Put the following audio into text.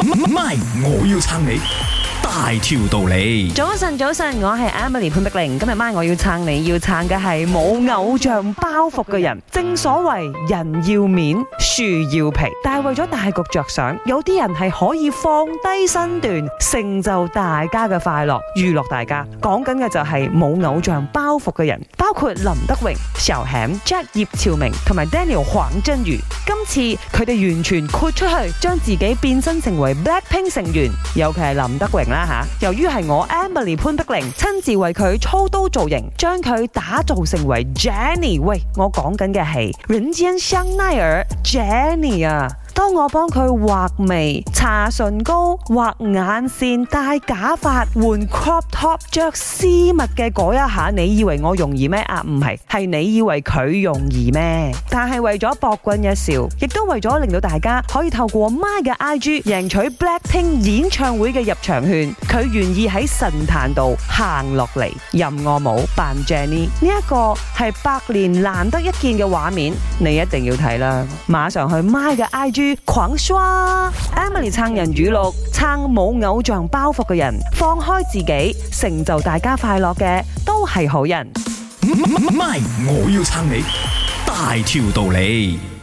唔係，我要撐你。大條道理。早晨早晨，我係 Emily 潘碧玲。今日晚我要撐你，要撐嘅係冇偶像包袱嘅人。 正所謂，人要面樹要皮，但係為咗大局着想，有啲人係可以放低身段，成就大家嘅快樂，娛樂大家。講緊嘅就係冇偶像包袱嘅人，包括林德榮、Sam Jack、葉朝明同埋 Daniel 黃振如。今次佢哋完全豁出去，將自己變身成為 Blackpink 成員，尤其係林德榮啦。由於係我 Emily 潘碧玲親自為佢操刀造型，將佢打造成為 Jenny。喂，我講緊嘅係人間香奈兒 Jenny 啊！當我幫佢畫眉、搽唇膏、畫眼線、戴假髮、換 crop top、着絲襪嘅嗰一下，你以為我容易咩？啊，唔係，係你以為佢容易咩？但係為咗博君一笑，亦都為咗令到大家可以透過 MY 嘅 IG 贏取 Blackpink 演唱會嘅入場券，佢願意喺神壇度行落嚟，任我舞扮 Jennie。呢一個係百年難得一見嘅畫面，你一定要睇啦！馬上去 my 嘅 IG。狂刷 Emily 撐人語錄，撐冇偶像包袱嘅人，放開自己，成就大家快樂嘅，都係好人。唔係，我要撐你，大條道理。